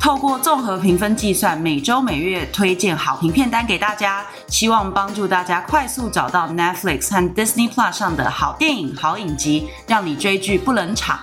透過綜合評分計算，每周每月推薦好評片單給大家，希望幫助大家快速找到 Netflix 和 Disney Plus 上的好電影、好影集，讓你追劇不冷場。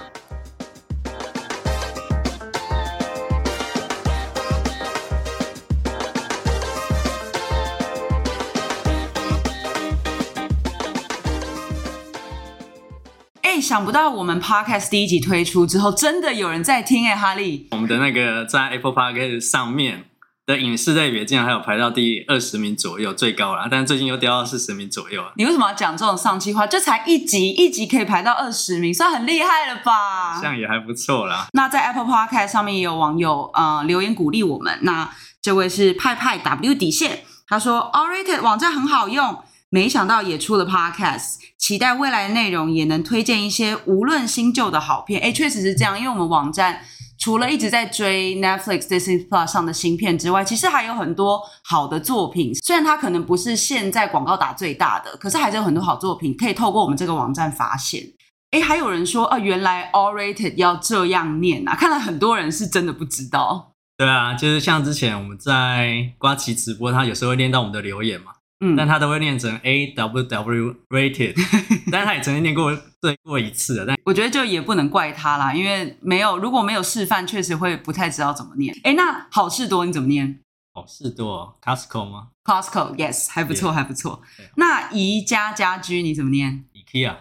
想不到我們 podcast 第一集推出之後，真的有人在聽哎、欸，哈利！我們的那個在 Apple Podcast 上面的影視類別竟然還有排到第二十名左右，最高了，但最近又掉到四十名左右。你為什麼要講這種喪氣話？這才一集，一集可以排到二十名，算很厲害了吧？這樣也還不錯啦。那在 Apple Podcast 上面也有網友、呃、留言鼓勵我們，那這位是派派 W 底線，他說 awwrated 網站很好用。沒想到也出了 podcast，期待未來的內容也能推薦一些無論新舊的好片。哎，確實是這樣，因為我們網站除了一直在追 Netflix、Disney Plus 上的新片之外，其實還有很多好的作品。雖然它可能不是現在廣告打最大的，可是還是有很多好作品可以透過我們這個網站發現。哎，還有人說啊，原來 awwrated 要這樣念啊，看來很多人是真的不知道。對啊，就是像之前我們在呱吉直播，他有時候會念到我們的留言嘛。嗯，但他都會念成 A W W Rated， 但他也曾經念過對過一次的。但 我覺得就也不能怪他啦，因為沒有如果沒有示範，確實會不太知道怎麼念。哎，那好事多你怎麼念？好事多、哦、Costco 嗎？Costco Yes 還不錯、yeah. 還不錯。Yeah. 那宜家家居你怎麼念？IKEA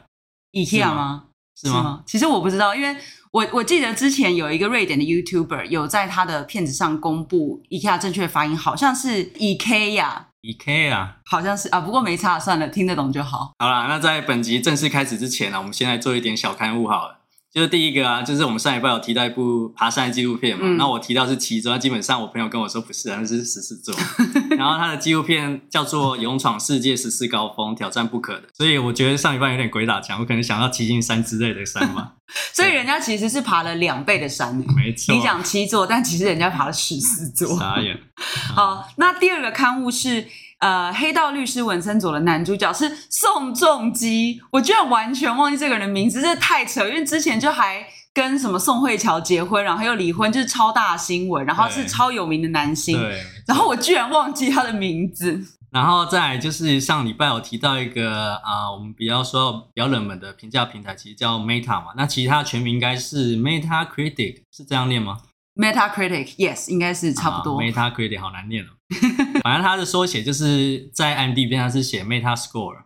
IKEA 嗎？嗎是嗎、嗯？其實我不知道，因為我我記得之前有一個瑞典的 YouTuber 有在他的片子上公布 IKEA 正確發音，好像是 IKEA 呀，IKEA 呀，好像是啊，不過沒差，算了，聽得懂就好。好啦，那在本集正式開始之前呢、啊，我們先來做一點小刊物好了。就是第一個啊，就是我們上禮拜有提到一部爬山的紀錄片嘛，嗯，那我提到是七座，基本上我朋友跟我說不是，那是十四座， 然後他的紀錄片叫做《勇闖世界十四高峰挑戰不可能》，所以我覺得上禮拜有點鬼打牆，我可能想要騎進山之類的山嘛， 所以人家其實是爬了兩倍的山沒錯，你講七座，但其實人家爬了十四座，傻眼。 好，那第二個刊物是，呃，黑道律師文森佐的男主角是宋仲基，我居然完全忘記這個人的名字，真的太扯！因為之前就還跟什麼宋慧喬結婚，然後又離婚，就是超大新聞，然後是超有名的男星，然後我居然忘記他的名字。然後再來就是上禮拜我提到一個啊、呃，我們比較說比較冷門的評價平台，其實叫 Meta 嘛，那其他全名應該是 Meta Critic，是這樣念嗎？Meta Critic，Yes，應該是差不多。呃、Meta Critic，好難念哦。 反正它的縮寫就是在 M D 邊上是寫 Meta Score，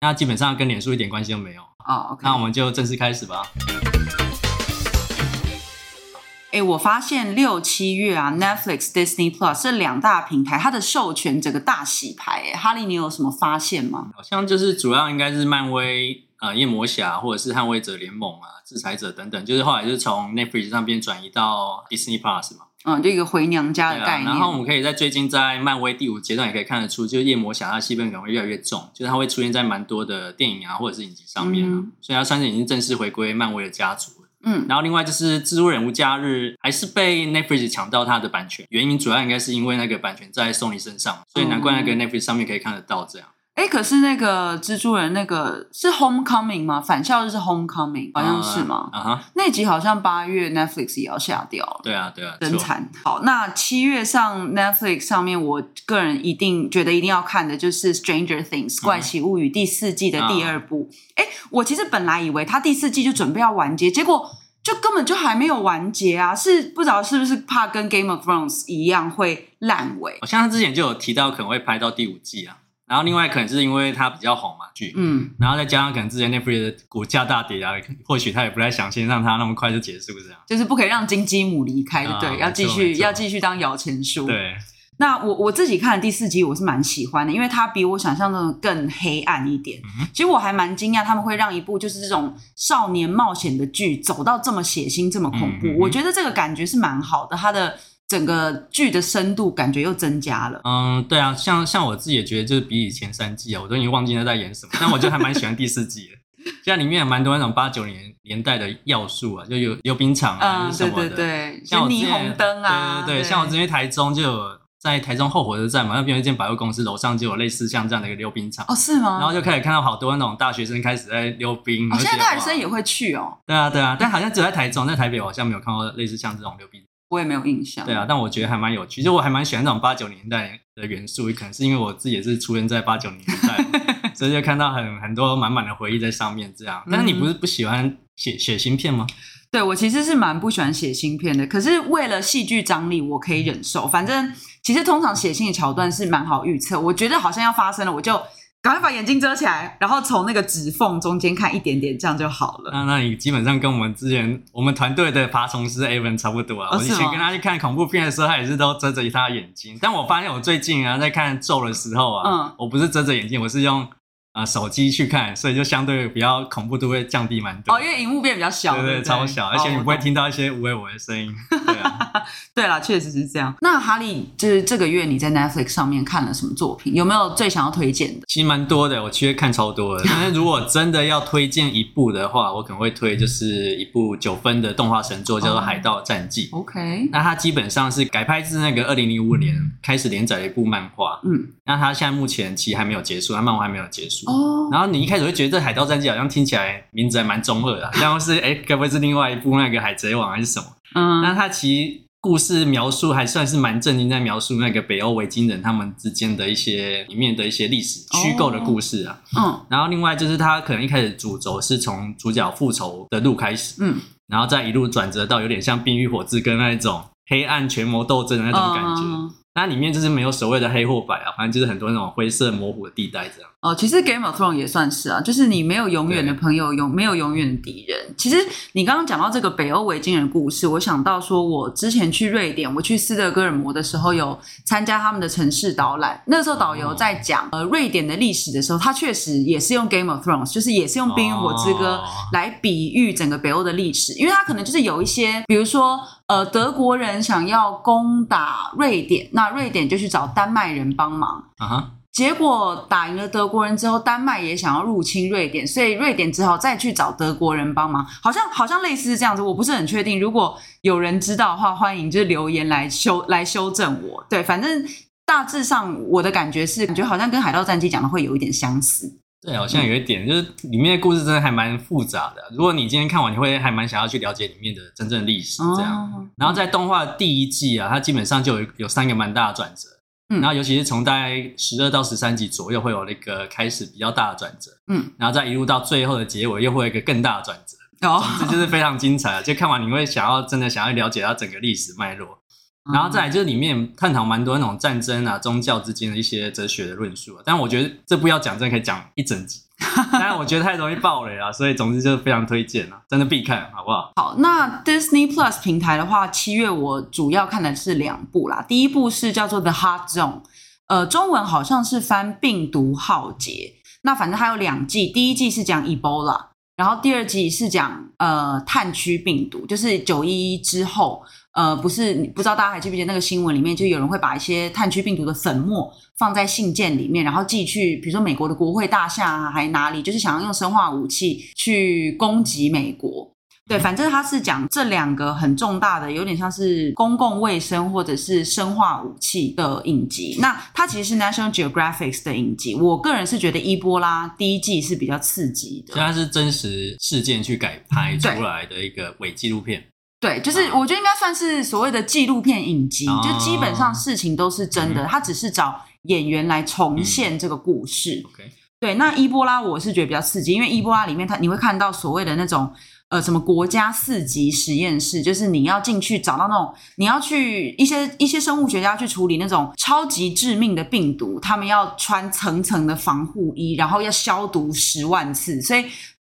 那基本上跟臉書一點關係都沒有、oh, okay. 那我們就正式開始吧。哎、欸，我發現六七月啊，Netflix Disney、Disney Plus 這兩大平台它的授權這個大洗牌、欸，哈利，你有什麼發現嗎？好像就是主要應該是漫威啊、呃，夜魔俠或者是捍衛者聯盟啊，制裁者等等，就是後來就是從 Netflix 上邊轉移到 Disney Plus 嘛嗯，這個回娘家的概念。對啊，然後我們可以在最近在漫威第五階段也可以看得出，就是夜魔俠的戲份可能會越來越重，就是它會出現在蠻多的電影啊或者是影集上面啊，嗯嗯。所以他算是已經正式回歸漫威的家族了。嗯，然後另外就是蜘蛛人無家日，還是被 Netflix 搶到它的版權，原因主要應該是因為那個版權在 Sony 身上，所以難怪那個 Netflix 上面可以看得到這樣。嗯嗯哎、欸，可是那個蜘蛛人那個是 Homecoming 嗎？返校就是 Homecoming，好像是嗎？啊哈，那集好像八月 Netflix 也要下掉了。對啊，對啊，真慘。好，那七月上 Netflix 上面，我個人一定覺得一定要看的就是 Stranger Things、uh -huh. 怪奇物語第四季的第二部。哎、uh -huh. 欸，我其實本來以為他第四季就準備要完結，結果就根本就還沒有完結啊！是不知道是不是怕跟 Game of Thrones 一樣會爛尾？好像他之前就有提到可能會拍到第五季啊。然後另外可能就是因為它比較紅嘛，劇，嗯，然後再加上可能之前 Netflix 股價大跌啊，或許他也不太想先讓它那麼快就結束，是不是？就是不可以讓金雞母離開，啊、對，對，要繼續要繼續當搖錢樹。對，那我我自己看的第四集我是蠻喜歡的，因為它比我想象中更黑暗一點、嗯。其實我還蠻驚訝他們會讓一部就是這種少年冒險的劇走到這麼血腥這麼恐怖、嗯哼哼，我覺得這個感覺是蠻好的。它的。整個劇的深度感覺又增加了。嗯，對啊，像像我自己也覺得，就是比以前三季啊，我都已經忘記他在演什麼。但我就還蠻喜歡第四季的，像 裡面也蠻多那種八九年年代的要素啊，就有溜冰場啊、嗯就是、什麼的。對對對。像霓虹燈啊。對對對，對像我之前台中就有在台中後火車站嘛，那邊有一間百貨公司，樓上就有類似像這樣的一個溜冰場。哦，是嗎？然後就開始看到好多那種大學生開始在溜冰、哦。現在大學生也會去哦。對啊對啊，但好像只在台中，在台北我好像沒有看過類似像這種溜冰。我也沒有印象。對啊，但我覺得還蠻有趣，就我還蠻喜歡這種八九年代的元素，也可能是因為我自己也是出生在八九年代， 所以就看到很很多滿滿的回憶在上面。這樣，但是你不是不喜歡寫寫芯片嗎、嗯？對，我其實是蠻不喜歡寫芯片的。可是為了戲劇張力，我可以忍受。反正其實通常寫信的橋段是蠻好預測，我覺得好像要發生了，我就。趕快把眼睛遮起來，然後從那個指縫中間看一點點，這樣就好了。那、啊、那你基本上跟我們之前我們團隊的爬蟲師 Avon 差不多啊、哦。我以前跟他去看恐怖片的時候，他也是都遮着他的眼睛。但我發現我最近啊在看咒的時候啊、嗯，我不是遮着眼睛，我是用啊、呃、手機去看，所以就相對比較恐怖度會降低蠻多、啊。哦，因為熒幕變得比較小，對對，超小，而且你不會聽到一些喂喂的聲音。哦 對啊， 對啦、啊，確實是這樣。那哈利就是這個月你在 Netflix 上面看了什麼作品？有沒有最想要推薦的？其實蠻多的，我其實看超多的。但是如果真的要推薦一部的話，我可能會推就是一部九分的動畫神作，叫做《海盜戰記》。Oh, OK，那它基本上是改拍自那個二零零五年開始連載的一部漫畫。嗯，那它現在目前其實還沒有結束，它漫畫還沒有結束。哦、oh.，然後你一開始會覺得《海盜戰記》好像聽起來名字還蠻中二的、啊，像是哎，該不會是另外一部那個《海賊王》還是什麼？嗯，那它其實故事描述還算是蠻正經，在描述那個北歐維京人他們之間的一些裡面的一些歷史虛構的故事啊、哦嗯。嗯，然後另外就是他可能一開始主軸是從主角復仇的路開始，嗯，然後再一路轉折到有點像《冰與火之歌》那種黑暗權謀鬥爭的那種感覺。那、哦、裡面就是沒有所謂的黑或白啊，反正就是很多那種灰色模糊的地帶這樣。哦，其實《Game of Thrones》也算是啊，就是你沒有永遠的朋友，永沒有永遠的敵人。其實你剛剛講到這個北歐維京人的故事，我想到說，我之前去瑞典，我去斯德哥爾摩的時候，有參加他們的城市導覽。那時候導遊在講呃瑞典的歷史的時候，他確實也是用《Game of Thrones》，就是也是用《冰與火之歌》來比喻整個北歐的歷史，因為他可能就是有一些，比如說呃德國人想要攻打瑞典，那瑞典就去找丹麥人幫忙啊，uh-huh. 結果打贏了德國人之後，丹麥也想要入侵瑞典，所以瑞典只好再去找德國人幫忙，好像好像類似是這樣子，我不是很確定。如果有人知道的話，歡迎就是留言來修來修正我。對，反正大致上我的感覺是，感覺好像跟《海盜戰記》講的會有一點相似。對，好像有一點、嗯，就是裡面的故事真的還蠻複雜的。如果你今天看完，你會還蠻想要去了解裡面的真正歷史這樣。哦、然後在動畫第一季啊，它基本上就有有三個蠻大的轉折。嗯，然後尤其是從大概十二到十三集左右，會有那個開始比較大的轉折，嗯，然後再一路到最後的結尾，又會有一個更大的轉折，哦，這就是非常精彩了。就看完你會想要真的想要了解到整個歷史脈絡，然後再來就是裡面探討蠻多那種戰爭啊、宗教之間的一些哲學的論述。但我覺得這部要講，真的可以講一整集。 但是我覺得太容易爆雷了，所以總之就是非常推薦了，真的必看，好不好？好，那 Disney Plus 平台的話，七月我主要看的是兩部啦。第一部是叫做 The Hot Zone，呃，中文好像是翻病毒浩劫。那反正還有兩季，第一季是講 Ebola，然後第二季是講呃炭疽病毒，就是九一一之後。呃，不是，不知道大家還記不記得那個新聞裡面，就有人會把一些炭疽病毒的粉末放在信件裡面，然後寄去，比如說美國的國會大廈啊，還哪裡，就是想要用生化武器去攻擊美國。對，反正他是講這兩個很重大的，有點像是公共衛生或者是生化武器的影集。那它其實是《National Geographic》的影集。我個人是覺得《伊波拉》第一季是比較刺激的，它是真實事件去改拍出來的一個偽紀錄片。對，就是我覺得應該算是所謂的紀錄片影集，啊、就基本上事情都是真的，嗯，他只是找演員來重現這個故事，嗯 okay。對，那伊波拉我是覺得比較刺激，因為伊波拉裡面，它你會看到所謂的那種呃什麼國家四級實驗室，就是你要進去找到那種，你要去一些一些生物學家去處理那種超級致命的病毒，他們要穿層層的防護衣，然後要消毒十萬次，所以。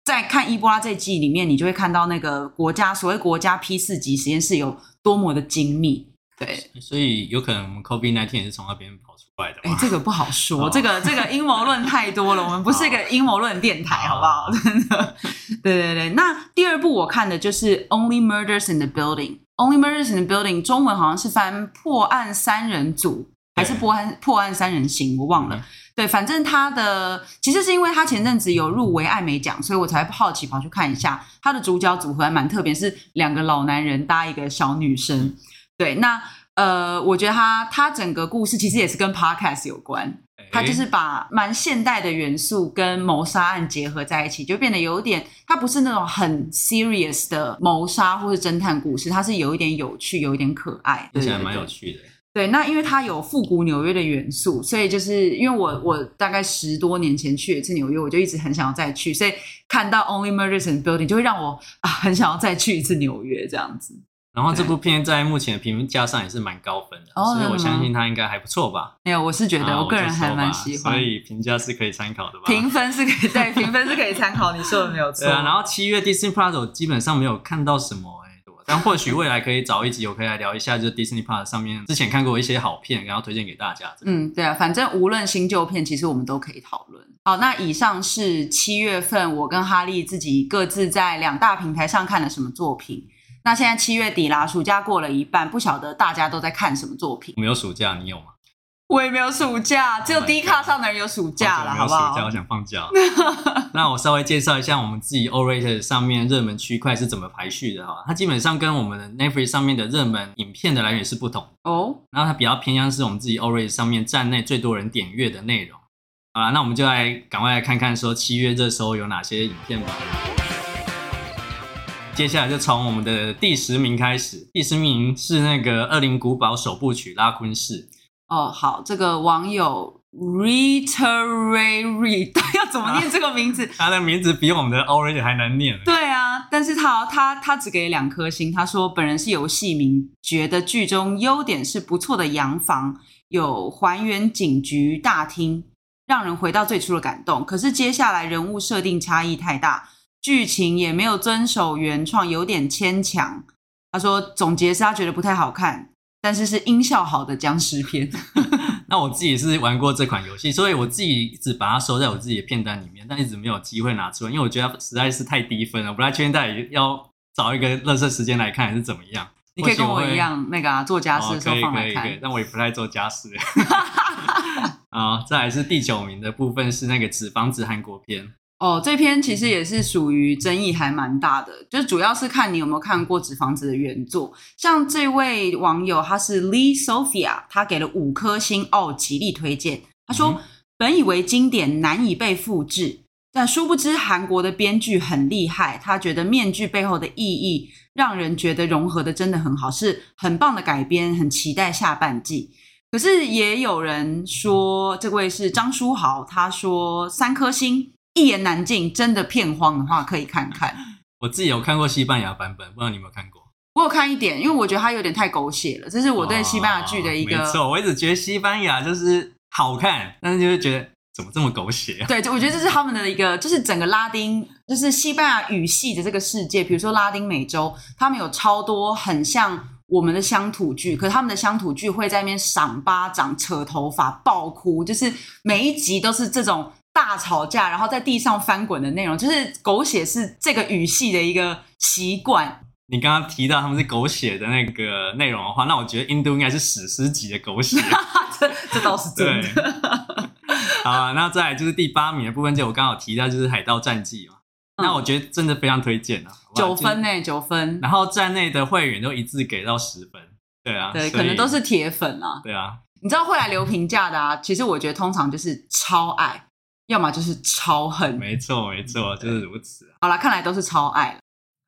在看《伊波拉》這季裡面，你就會看到那個國家所謂國家 P 四級實驗室有多麼的精密。對，所以有可能我們 COVID-19 也是從那邊跑出來的。哎、欸，這個不好說，oh. 這個這個陰謀論太多了。 我們不是一個陰謀論電台 好，好不好？真的。 對對對，那第二部我看的就是《Only Murders in the Building》，《Only Murders in the Building》中文好像是翻《破案三人組》。還是破案破案三人行，我忘了。嗯、對，反正他的其實是因為他前陣子有入圍艾美獎，所以我才好奇跑去看一下。他的主角組合還蠻特別，是兩個老男人搭一個小女生。嗯、對，那呃，我覺得他他整個故事其實也是跟 podcast 有關，欸、他就是把蠻現代的元素跟謀殺案結合在一起，就變得有點，他不是那種很 serious 的謀殺或是偵探故事，他是有一點有趣，有一點可愛。對，聽起來蠻有趣的、欸。對，那因為它有復古紐約的元素，所以就是因為我我大概十多年前去一次紐約，我就一直很想要再去，所以看到 Only Murders in the Building 就會讓我啊很想要再去一次紐約這樣子。然後這部片在目前的評分加上也是蠻高分的、哦，所以我相信它應該還不錯吧。沒有，我是覺得我個人還蠻喜歡，啊、所以評價是可以參考的吧。評分是可以對，評分是可以參考， 你說的沒有錯。對啊，然後七月 Disney+ 基本上沒有看到什麼。那或許未來可以找一集，我可以來聊一下，就是 Disney Plus 上面之前看過一些好片，然後推薦給大家。嗯，對啊，反正無論新舊片，其實我們都可以討論。好，那以上是七月份我跟哈利自己各自在兩大平台上看了什麼作品。那現在七月底啦，暑假過了一半，不曉得大家都在看什麼作品。我沒有暑假，你有嗎？我也沒有暑假，只有 Dcard 上的人有暑假了，oh 啊、有暑假好不好我想放假。 那我稍微介紹一下我們自己 awwrated 上面熱門區塊是怎麼排序的哈。它基本上跟我們的 Netflix 上面的熱門影片的來源是不同哦。Oh? 然後它比較偏向是我們自己 awwrated 上面站內最多人點閱的內容。好了，那我們就來趕快來看看說七月這時候有哪些影片吧。Oh. 接下來就從我們的第十名開始，第十名是那個《惡靈古堡》首部曲《拉昆市》。哦，好，這個網友 r e t e r e 他要怎麼念這個名字？他的名字比我們的 orange 還難念。對啊，但是他他他只給了兩顆星。他說，本人是遊戲名，覺得劇中優點是不錯的洋房，有還原警局大廳，讓人回到最初的感動。可是接下來人物設定差異太大，劇情也沒有遵守原創，有點牽強。他說，總結是他覺得不太好看。但是是音效好的僵屍片 ，那我自己是玩過這款遊戲，所以我自己一直把它收在我自己的片單裡面，但一直沒有機會拿出來，因為我覺得實在是太低分了，我不太確定到底要找一個垃圾時間來看還是怎麼樣？你可以跟我一樣，我那個啊，做家事的時候放開。哦，可以可以，可以，但我也不太做家事。啊、 哦，再來是第九名的部分是那個《紙房子》韓國篇。哦，這篇其實也是屬於爭議還蠻大的，就主要是看你有沒有看過《紙房子》的原作。像這位網友，他是 Lee Sophia，他給了五顆星哦，極力推薦。他說，嗯，“本以為經典難以被複製，但殊不知韓國的編劇很厲害。他覺得面具背後的意義，讓人覺得融合得真的很好，是很棒的改編，很期待下半季。可是也有人說，這位是張書豪，他說三顆星。”一言難盡，真的片荒的話可以看看。我自己有看過西班牙版本，不知道你有沒有看過？我有看一點，因為我覺得它有點太狗血了。這是我對西班牙劇的一個。哦，沒錯，我一直覺得西班牙就是好看，但是就是覺得怎麼這麼狗血啊？對，就我覺得這是他們的一個，就是整個拉丁，就是西班牙語系的這個世界。比如說拉丁美洲，他們有超多很像我們的鄉土劇，可是他們的鄉土劇會在那邊賞巴掌、扯頭髮、爆哭，就是每一集都是這種。大吵架，然後在地上翻滾的內容，就是狗血，是這個語系的一個習慣。你剛剛提到他們是狗血的那個內容的話，那我覺得印度應該是史詩級的狗血， 這這倒是真的對。好，啊，那再來就是第八名的部分，就我剛好提到就是《海盜戰記》嘛，那我覺得真的非常推薦啊，嗯，九分呢，九分。然後站內的會員都一致給到十分，對啊，對，可能都是鐵粉啊，對啊。你知道會來留評價的啊？ 其實我覺得通常就是超愛。要麼就是超恨，沒錯沒錯，就是如此。好了，看來都是超愛。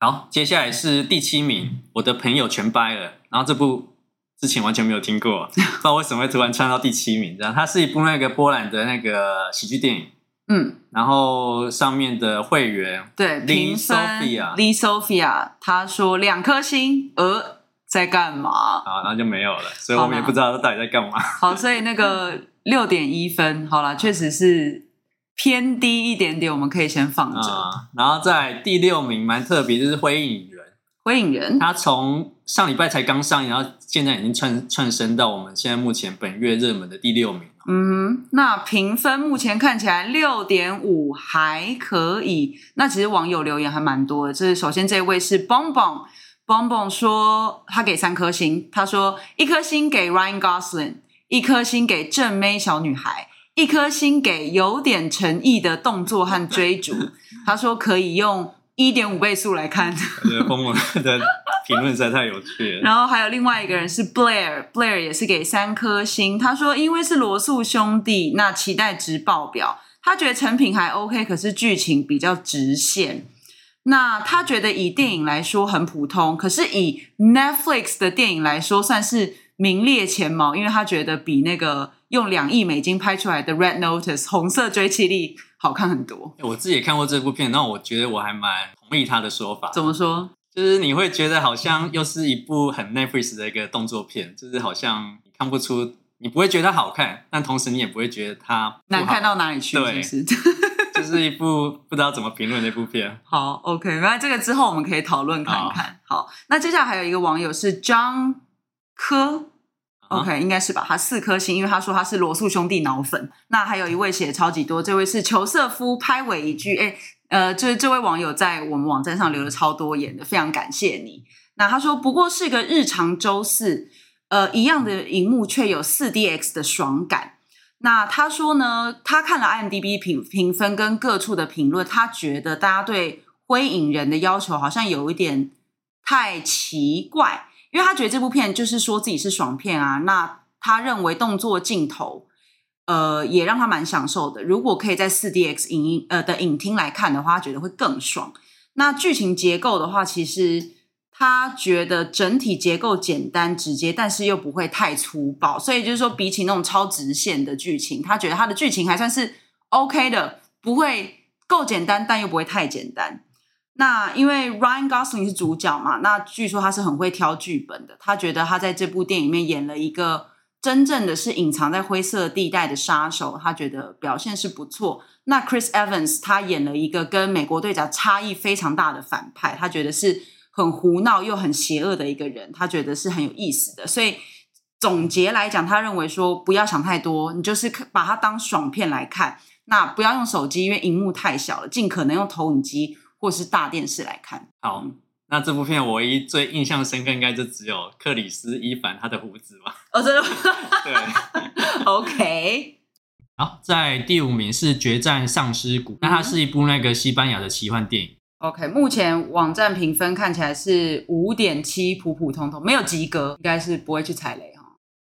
好，接下來是第七名，okay. 我的朋友全掰了。然後這部之前完全沒有聽過， 不知道為什麼會突然竄到第七名。這樣，它是一部那個波蘭的那個喜劇電影。嗯，然後上面的會員對李 Sophia，李 Sophia，他說兩顆星，鵝、呃、在幹嘛？啊，然後就沒有了，所以我們也不知道他到底在幹嘛。好。好，所以那個六點一分，好了，確實是。偏低一點點，我們可以先放着，啊。然後在第六名蠻特別，就是《灰影人》。《灰影人》他從上禮拜才剛上映，然後現在已經竄竄升到我們現在目前本月熱門的第六名。嗯，那評分目前看起來六點五還可以。那其實網友留言還蠻多的，就是首先這位是 Bong Bong，Bong Bong 說他給三顆星，他說一顆星給 Ryan Gosling，一顆星給正妹小女孩。一顆星給有點誠意的動作和追逐， 他說可以用一點五倍速來看。對，風文的評論實在太有趣了。然後還有另外一個人是 Blair，Blair Blair 也是給三顆星。他說因為是羅素兄弟，那期待值爆表。他覺得成品還 OK，可是劇情比較直線。那他覺得以電影來說很普通，可是以 Netflix 的電影來說算是名列前茅，因為他覺得比那個，用兩億美金拍出來的《Red Notice》紅色追擊力好看很多。我自己也看過這部片，那我覺得我還蠻同意他的說法。怎麼說？就是你會覺得好像又是一部很 Netflix 的一個動作片，就是好像你看不出，你不會覺得它好看，但同時你也不會覺得它難看到哪裡去是不是，就是就是一部不知道怎麼評論的一部片。 好，OK，那這個之後我們可以討論看看。Oh. 好，那接下來還有一個網友是張柯。OK，應該是吧？他四顆星，因為他說他是羅素兄弟腦粉。那還有一位寫的超級多，這位是裘瑟夫，拍尾一句，哎、欸，呃，這、就是、這位網友在我們網站上留了超多言的，非常感謝你。那他說，不過是一個日常周四，呃，一樣的熒幕卻有四 DX 的爽感。那他說呢，他看了 IMDB 評評分跟各處的評論，他覺得大家對灰影人的要求好像有一點太奇怪。因為他覺得這部片就是說自己是爽片啊，那他認為動作鏡頭，呃，也讓他蠻享受的。如果可以在四 DX 影音呃的影廳來看的話，他覺得會更爽。那劇情結構的話，其實他覺得整體結構簡單直接，但是又不會太粗暴。所以就是說，比起那種超直線的劇情，他覺得他的劇情還算是 OK 的，不會夠簡單，但又不會太簡單。那因為 Ryan Gosling 是主角嘛，那據說他是很會挑劇本的。他覺得他在這部電影裡面演了一個真正的是隱藏在灰色地帶的殺手，他覺得表現是不錯。那 Chris Evans 他演了一個跟美國隊長差異非常大的反派，他覺得是很胡鬧又很邪惡的一個人，他覺得是很有意思的。所以總結來講，他認為說不要想太多，你就是把它當爽片來看。那不要用手機，因為螢幕太小了，盡可能用投影機。或是大電視來看。好，那這部片我一最印象深刻，應該就只有克里斯伊凡他的鬍子吧。哦，真的嗎？ 對。OK。好，在第五名是《決戰喪屍谷》，嗯，那它是一部那個西班牙的奇幻電影。OK，目前網站評分看起來是五點七，普普通通，沒有及格，應該是不會去踩雷。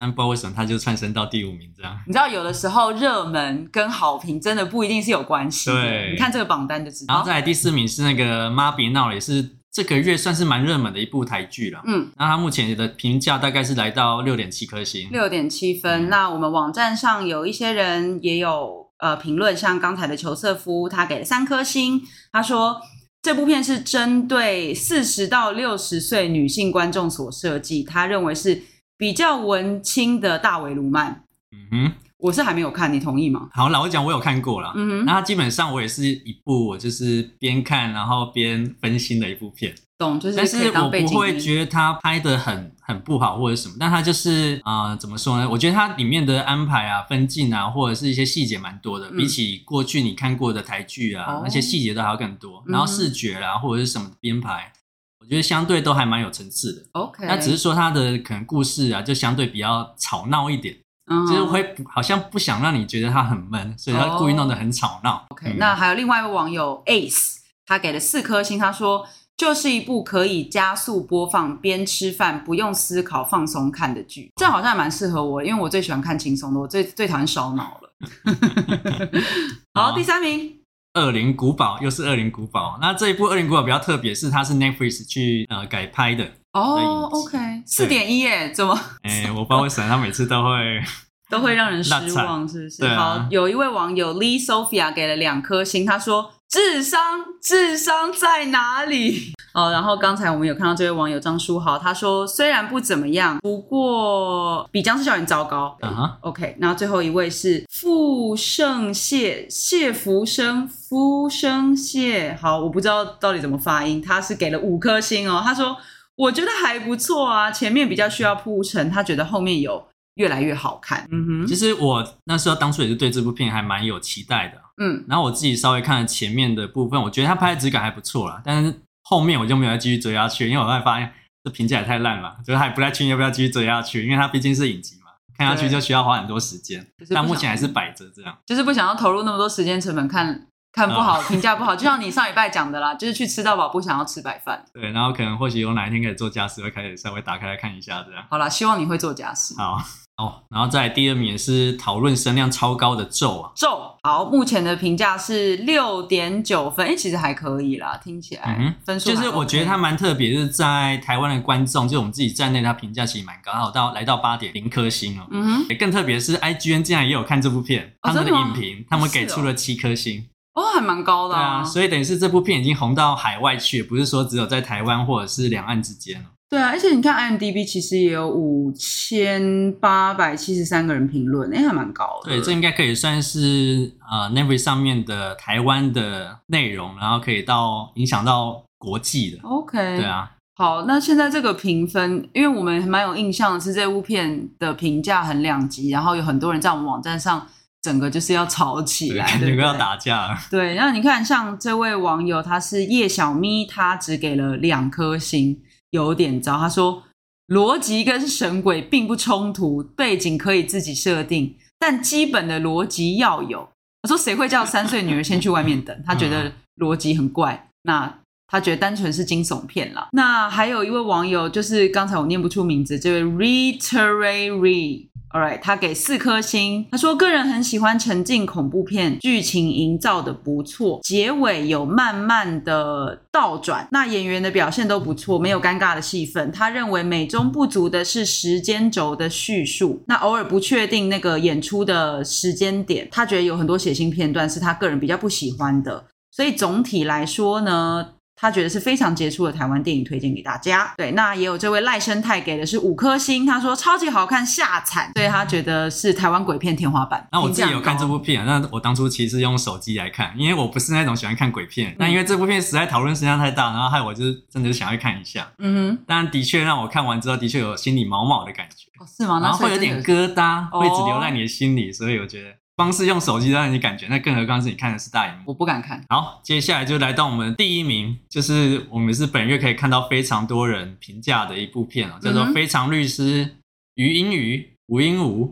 但不知道為什麼，他就竄升到第五名這樣。你知道，有的時候熱門跟好評真的不一定是有關係。對，你看這個榜單就知道。然後再來第四名是那個《媽比鬧》，也是這個月算是蠻熱門的一部台劇了。嗯，那它目前的評價大概是來到六點七顆星，六點七分、嗯。那我們網站上有一些人也有呃評論，像剛才的裘瑟夫，他給了三顆星，他說這部片是針對四十到六十歲女性觀眾所設計，他認為是。比較文青的大尾鱸鰻。嗯哼，我是還沒有看，你同意嗎？好老我講，我有看過了，嗯哼，那它基本上我也是一部我就是邊看然後邊分心的一部片，懂？就是，但是我不會覺得它拍的很很不好或者什麼，但它就是啊、呃，怎麼說呢？我覺得它裡面的安排啊、分鏡啊，或者是一些細節蠻多的、嗯，比起過去你看過的台劇啊、哦，那些細節都還要更多，然後視覺啦、啊嗯、或者是什麼編排。我覺得相對都還蠻有層次的，OK。那只是說他的可能故事啊，就相對比較吵鬧一點，oh. 就是會好像不想讓你覺得他很悶，所以他故意弄得很吵鬧。Oh. OK、嗯。那還有另外一位網友 Ace，他給了四顆星，他說就是一部可以加速播放、邊吃飯不用思考、放鬆看的劇。這好像還蠻適合我，因為我最喜歡看輕鬆的，我最最討厭燒腦了 好。好，第三名。惡靈古堡》又是《惡靈古堡》，那這一部《惡靈古堡》比較特別，是它是 Netflix 去呃改拍的哦、oh。OK，四點一耶怎麼？哎、欸，我不知道為什麼他每次都會。 都會讓人失望，是不是、啊啊？好，有一位網友 Lee Sophia 給了兩顆星，他說：“智商，智商在哪裡？” 好，然後剛才我們有看到這位網友張書豪，他說：“雖然不怎麼樣，不過比僵屍校園糟糕。Uh ” -huh. OK，那後最後一位是傅勝謝謝福生，福生謝。好，我不知道到底怎麼發音，他是給了五顆星哦、喔，他說：“我覺得還不錯啊，前面比較需要鋪陳，他覺得後面有。”越來越好看，嗯哼。其實我那時候當初也是對這部片還蠻有期待的，嗯。然後我自己稍微看了前面的部分，我覺得他拍的質感還不錯啦。但是後面我就沒有再繼續追下去，因為我後來發現這評價也太爛了，就是、還不太確定要不要繼續追下去。因為它畢竟是影集嘛，看下去就需要花很多時間，就是、但目前還是擺着這樣，就是不想要投入那麼多時間成本看。看不好，評、呃、價不好，就像你上禮拜講的啦，就是去吃到飽不想要吃白飯。對，然後可能或許有哪一天可以做家事，會開始稍微打開來看一下這樣。好啦，希望你會做家事。好哦，然後再來第二名也是討論聲量超高的咒啊咒。咒？好，目前的評價是六點九分，哎、欸，其實還可以啦，聽起來分數、嗯。就是我覺得它蠻特別，就是在台灣的觀眾，就我們自己站內，它評價其實蠻高，到來到八點零顆星哦。嗯哼，也更特別是 IGN 竟然也有看這部片，他們的影評、哦，他們給出了七顆星。哦，還蠻高的啊。對啊，所以等於是這部片已經紅到海外去，不是說只有在台灣或者是兩岸之間了，對啊，而且你看 IMDB 其實也有五千八百七十三個人評論，哎、欸，還蠻高的。對，這應該可以算是呃 Netflix 上面的台灣的內容，然後可以到影響到國際的。OK，對啊。好，那現在這個評分，因為我們還蠻有印象的是這部片的評價很兩極，然後有很多人在我們網站上。整個就是要吵起來，對對，整個要打架。對，然後你看，像這位網友，他是葉小咪，他只給了兩顆星，有點糟。他說邏輯跟神鬼並不衝突，背景可以自己設定，但基本的邏輯要有。他說誰會叫三歲女兒先去外面等？ 他覺得邏輯很怪，那他覺得單純是驚悚片了。那還有一位網友，就是剛才我念不出名字，這位 Ritaree Alright，他給四顆星。他說個人很喜歡沉浸恐怖片，劇情營造的不錯，結尾有慢慢的倒轉。那演員的表現都不錯，沒有尷尬的戲份。他認為美中不足的是時間軸的敘述，那偶爾不確定那個演出的時間點。他覺得有很多血腥片段是他個人比較不喜歡的。所以總體來說呢。他覺得是非常傑出的台灣電影，推薦給大家。對，那也有這位賴聲泰給的是五顆星，他說超級好看，嚇慘，所以他覺得是台灣鬼片天花板，嗯。那我自己有看這部片，那我當初其實是用手機來看，因為我不是那種喜歡看鬼片。那因為這部片實在討論聲量太大，然後害我就是真的是想要看一下。嗯哼。但的確讓我看完之後，的確有心裡毛毛的感覺。哦，是嗎？然後會有點疙瘩，哦，會只留在你的心裡，所以我覺得。方式用手機讓你感覺，那更何況是你看的是大銀幕。我不敢看好。接下來就來到我們第一名，就是我們是本月可以看到非常多人評價的一部片啊，叫做《非常律師魚、嗯、英魚吳英吳》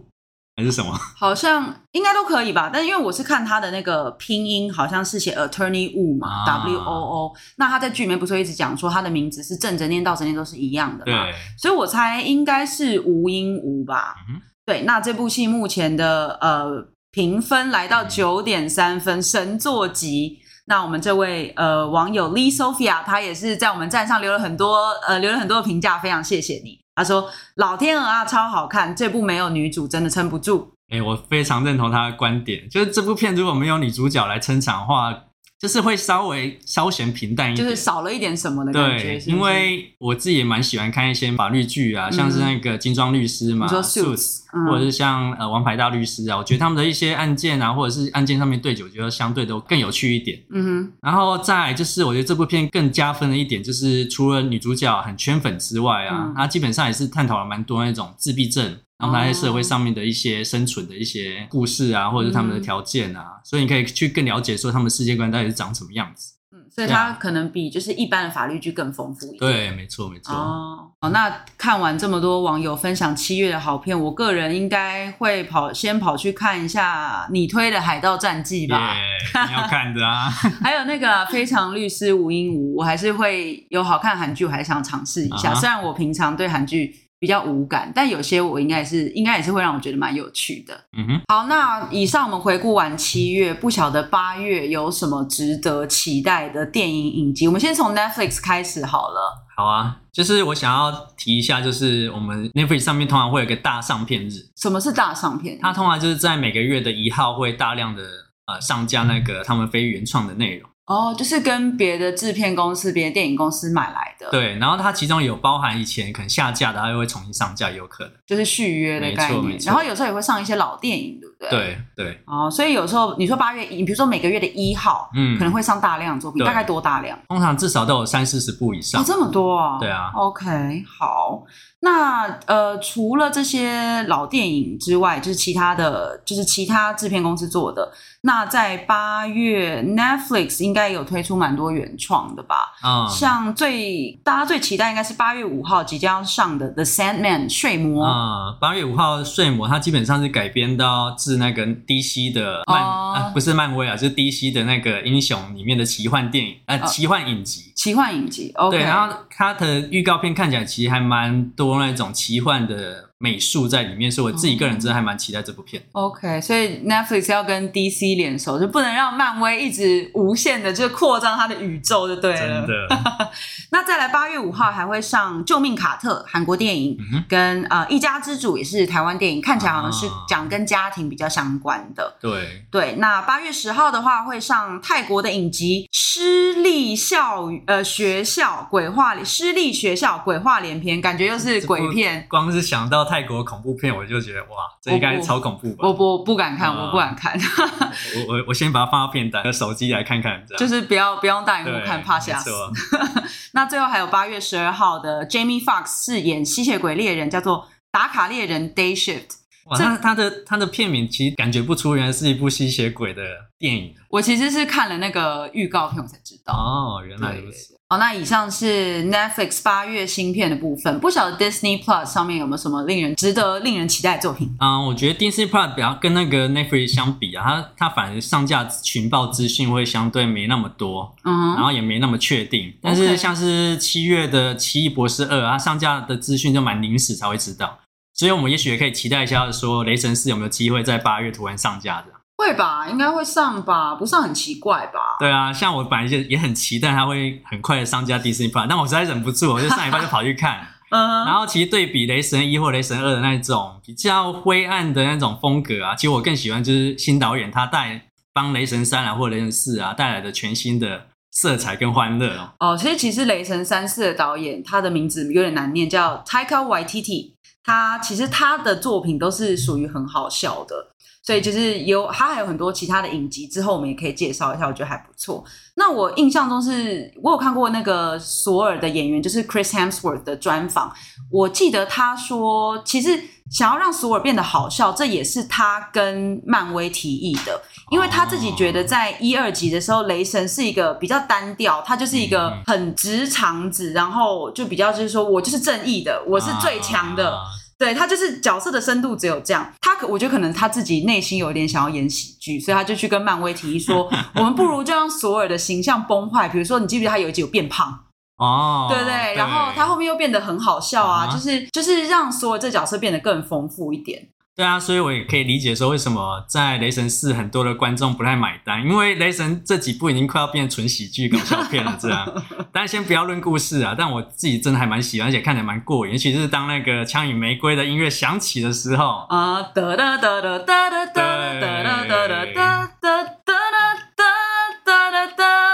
還是什麼？好像應該都可以吧。但因為我是看他的那個拼音，好像是寫 attorney Wu 嘛，啊，W O O。那他在劇裡面不是一直講說他的名字是正整念到整念都是一樣的嘛？所以我猜應該是吳英吳吧、嗯。對。那這部戲目前的呃。評分來到九點三分，神作集。那我們這位呃網友 Lee Sophia，她也是在我們站上留了很多呃，留了很多的評價，非常謝謝你。她說：“老天鵝啊，超好看，這部沒有女主真的撐不住。欸”誒，我非常認同她的觀點，就是這部片如果沒有女主角來撐場的話。就是會稍微稍顯平淡一點，就是少了一點什麼的感覺對。對，因為我自己也蠻喜歡看一些法律劇啊、嗯，像是那個《金裝律師》嘛，Suits, 或者是像呃、嗯《王牌大律師》啊，我覺得他們的一些案件啊，或者是案件上面對局，就相對都更有趣一點。嗯哼。然後再來就是，我覺得這部片更加分的一點，就是除了女主角很圈粉之外啊，她、嗯、基本上也是探討了蠻多那種自閉症。然後他在社會上面的一些生存的一些故事啊，哦、或者是他們的條件啊、嗯，所以你可以去更了解說他們的世界觀到底是長什麼樣子。嗯，所以它可能比就是一般的法律劇更豐富一點。對，沒錯，沒錯。哦，嗯、哦那看完這麼多網友分享七月的好片，我個人應該會跑先跑去看一下你推的《海盜戰記》吧。Yeah, 你要看的啊！ 還有那個、啊《非常律師禹英禑》，我還是會有好看韓劇，我還是想嘗試一下、嗯。雖然我平常對韓劇。比較無感，但有些我應該也是應該也是會讓我覺得蠻有趣的。嗯哼，好，那以上我們回顧完七月，不曉得八月有什麼值得期待的電影影集？我們先從 Netflix 開始好了。好啊，就是我想要提一下，就是我們 Netflix 上面通常會有個大上片日。什麼是大上片？它通常就是在每個月的一號會大量的呃上架那個他們非原創的內容。哦，就是跟別的製片公司、別的電影公司買來的。對，然後它其中有包含以前可能下架的，它又會重新上架，有可能。就是續約的概念。沒錯沒錯。然後有時候也會上一些老電影的。對對，對哦，所以有時候你說八月，你比如說每個月的一號，嗯，可能會上大量作品，大概多大量？通常至少都有三四十部以上。哦，這麼多啊？對啊。OK，好，那呃，除了這些老電影之外，就是其他的就是其他製片公司做的。那在八月，Netflix 應該有推出蠻多原創的吧？嗯，像最大家最期待應該是八月五號即將上的《The Sandman 睡魔》啊，嗯。八月五號《睡魔》它基本上是改編到。是那個 DC 的漫、oh. 啊，不是漫威啊，就是 DC 的那個英雄裡面的奇幻電影，呃、啊，oh. 奇幻影集，奇幻影集，okay. 對，然後。它的預告片看起來其實還蠻多那種奇幻的美術在裡面，所以我自己個人真的還蠻期待這部片。Okay. OK，所以 Netflix 要跟 DC 聯手，就不能讓漫威一直無限的就擴張它的宇宙對，的對真的。 那再來，八月五號還會上《救命卡特》，韓國電影，嗯、哼跟呃《一家之主》也是台灣電影，看起來好像是講跟家庭比較相關的。啊、對對。那八月十號的話會上泰國的影集《私立校呃學校鬼話》裡。私立學校，鬼話連篇，感覺又是鬼片。光是想到泰國恐怖片，我就覺得哇，這應該是超恐怖吧？不不，我不敢看，我不敢看。嗯、我看 我我，我先把它放到片單，用手機來看看。就是不要不用大螢幕看，怕嚇死。 那最後還有八月十二號的 Jamie Foxx 飾演吸血鬼獵人，叫做打卡獵人 Day Shift。哇，他他的他的片名其實感覺不出，原來是一部吸血鬼的電影。我其實是看了那個預告片，我才知道哦，原來如此。好、哦，那以上是 Netflix 八月新片的部分。不曉得 Disney Plus 上面有沒有什麼令人值得、令人期待的作品？啊、嗯，我覺得 Disney Plus 比較跟那個 Netflix 相比啊，它它反而上架情報資訊會相對沒那麼多，嗯，然後也沒那麼確定。但是像是七月的《奇異博士二》，okay，它上架的資訊就蠻臨時才會知道，所以我們也許也可以期待一下，說《雷神四》有沒有機會在八月突然上架的。會吧，應該會上吧，不上很奇怪吧？對啊，像我本來就也很期待他會很快的上架迪士尼+，但我實在忍不住，我就上禮拜就跑去看。嗯， 然後其實對比《雷神一》或《雷神二》的那種比較灰暗的那種風格啊，其實我更喜歡就是新導演他帶，帶幫《雷神三》啊或《雷神四》啊帶來的全新的色彩跟歡樂哦。哦，其實其實《雷神三》《四》的導演他的名字有點難念，叫 Taika Waititi，他其實他的作品都是屬於很好笑的。所以就是有，他還有很多其他的影集，之後我們也可以介紹一下，我覺得還不錯。那我印象中是，我有看過那個索爾的演員，就是 Chris Hemsworth 的專訪。我記得他說，其實想要讓索爾變得好笑，這也是他跟漫威提議的，因為他自己覺得在一、二集的時候，雷神是一個比較單調，他就是一個很直腸子，然後就比較就是說，我就是正義的，我是最強的。對，他就是角色的深度只有這樣，他可我覺得可能他自己內心有點想要演喜劇，所以他就去跟漫威提議說， 我們不如就讓索爾的形象崩壞，比如說你記不記得他有一集有變胖哦，oh, 對對，對。然後他後面又變得很好笑啊，uh -huh. 就是就是讓索爾這角色變得更豐富一點。對啊，所以我也可以理解說，為什麼在《雷神四》很多的觀眾不太買單，因為《雷神》這幾部已經快要變成純喜劇搞笑片了，這樣。 但是先不要論故事啊，但我自己真的還蠻喜歡，而且看起來蠻過癮，尤其是當那個《槍與玫瑰》的音樂響起的時候啊、哦，噠噠噠噠噠噠噠噠噠噠噠噠噠噠噠噠噠。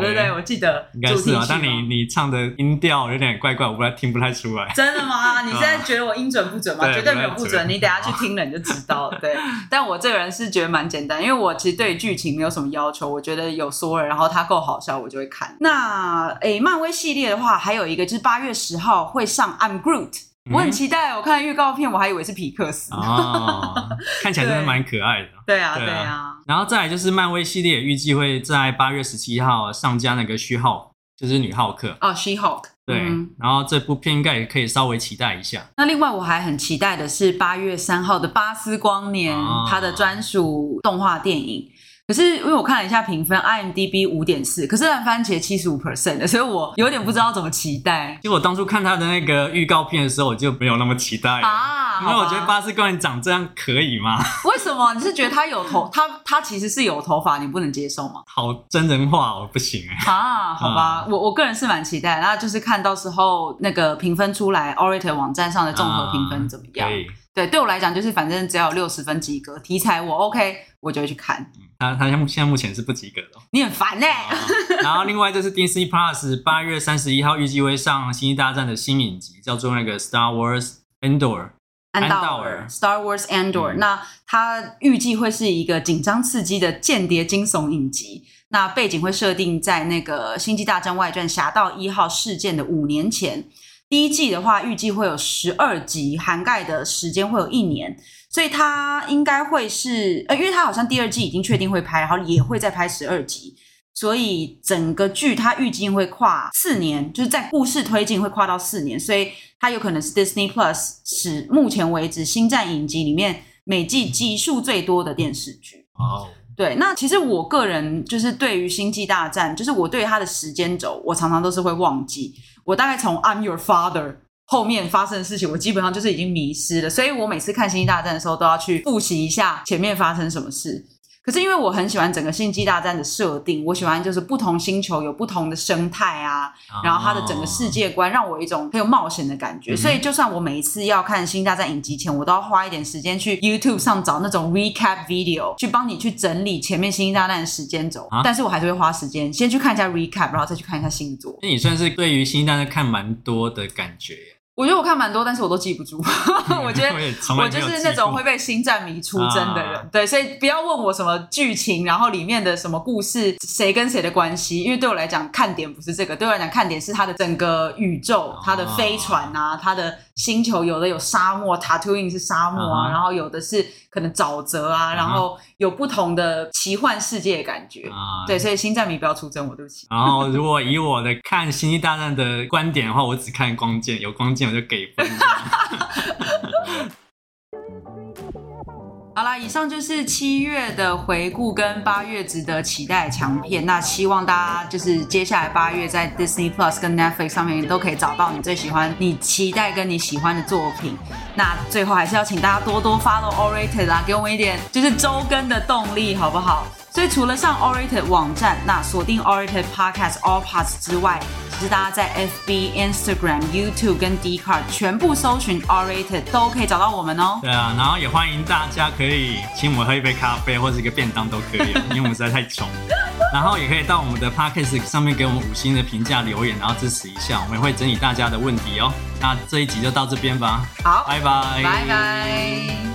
對對，對。我記得應該是吧，哦、但你你唱的音調有點怪怪，我不知道聽不太出來。真的嗎？你現在覺得我音準不準嗎？ 對絕對沒有不準， 你等下去聽了你就知道了。對， 但我這個人是覺得蠻簡單，因為我其實對劇情沒有什麼要求，我覺得有所謂，然後他夠好笑，我就會看。那誒，漫威系列的話，還有一個就是八月十號會上《I'm Groot》。我很期待，我看預告片，我還以為是皮克斯，哦、 看起來真的蠻可愛的對。對啊，對啊。然後再來就是漫威系列，預計會在八月十七號上架那個虛號，就是女浩克，哦、oh,，She-Hulk。對、嗯，然後這部片應該也可以稍微期待一下。那另外我還很期待的是八月三號的巴斯光年，他、哦、的專屬動畫電影。可是因為我看了一下評分，IMDB 五點四，可是爛番茄七十五 percent 的，所以我有點不知道怎麼期待。嗯、其實我當初看他的那個預告片的時候，我就沒有那麼期待啊，因為我覺得巴斯光年長這樣可以嗎、啊？為什麼？你是覺得他有頭， 他他其實是有頭髮，你不能接受嗎？ 好，真人化我、哦、不行哎。啊，好吧，嗯、我我個人是蠻期待的，那就是看到時候那個評分出來，awwrated、啊、網站上的綜合評分怎麼樣？啊對，對我來講就是，反正只要六十分及格，題材我 OK，我就會去看、嗯。他他現在目前是不及格了。你很煩呢、欸啊。然後另外就是 Disney Plus 八月三十一號預計會上《星際大戰》的新影集，叫做那個 Star Wars Andor。Andor，Star Wars Andor、嗯、那它預計會是一個緊張刺激的間諜驚悚影集。那背景會設定在那個《星際大戰外傳：俠盜一號》事件的五年前。第一季的話，預計會有十二集，涵蓋的時間會有一年，所以它應該會是，呃，因為它好像第二季已經確定會拍，然後也會再拍十二集，所以整個劇它預計會跨四年，就是在故事推進會跨到四年，所以它有可能是 Disney Plus 是目前為止星戰影集裡面每季集數最多的電視劇。哦，對，那其實我個人就是對於星際大戰，就是我對它的時間軸，我常常都是會忘記。我大概從《I'm Your Father》後面發生的事情，我基本上就是已經迷失了，所以我每次看《星際大戰》的時候，都要去複習一下前面發生什麼事。可是因為我很喜歡整個星際大戰的設定，我喜歡就是不同星球有不同的生態啊、哦，然後它的整個世界觀讓我有一種很有冒險的感覺、嗯，所以就算我每一次要看《星際大戰》影集前，我都要花一點時間去 YouTube 上找那種 recap video、嗯、去幫你去整理前面《星際大戰》的時間軸、啊，但是我還是會花時間先去看一下 recap，然後再去看一下星座。那、嗯、你算是對於《星際大戰》看蠻多的感覺。我覺得我看蠻多，但是我都記不住。 我覺得我就是那種會被《星戰》迷出征的人、， 嗯征的人啊，對，所以不要問我什麼劇情，然後裡面的什麼故事，誰跟誰的關係，因為對我來講，看點不是這個，對我來講，看點是它的整個宇宙、它的飛船啊、它的。星球有的有沙漠，Tatooine 是沙漠啊，uh -huh. 然後有的是可能沼澤啊，uh -huh. 然後有不同的奇幻世界的感覺，uh -huh. 對，所以星戰迷不要出征我，對不起。然後如果以我的看星際大戰的觀點的話，我只看光劍，有光劍我就給分。 好啦，以上就是七月的回顧跟八月值得期待的強片。那希望大家就是接下來八月在 Disney Plus 跟 Netflix 上面都可以找到你最喜歡、你期待跟你喜歡的作品。那最後還是要請大家多多 follow awwrated 啦，給我們一點就是週更的動力，好不好？所以除了上 awwrated 網站，那鎖定 awwrated Podcast All Parts 之外，其實大家在 FB、Instagram、YouTube 跟 Dcard 全部搜尋 awwrated 都可以找到我們哦、喔。對啊，然後也歡迎大家可以請我們喝一杯咖啡或者一個便當都可以，因為我們實在太窮。然後也可以到我們的 Podcast 上面給我們五星的評價留言，然後支持一下，我們會整理大家的問題哦、喔。那這一集就到這邊吧。好，拜拜，拜拜。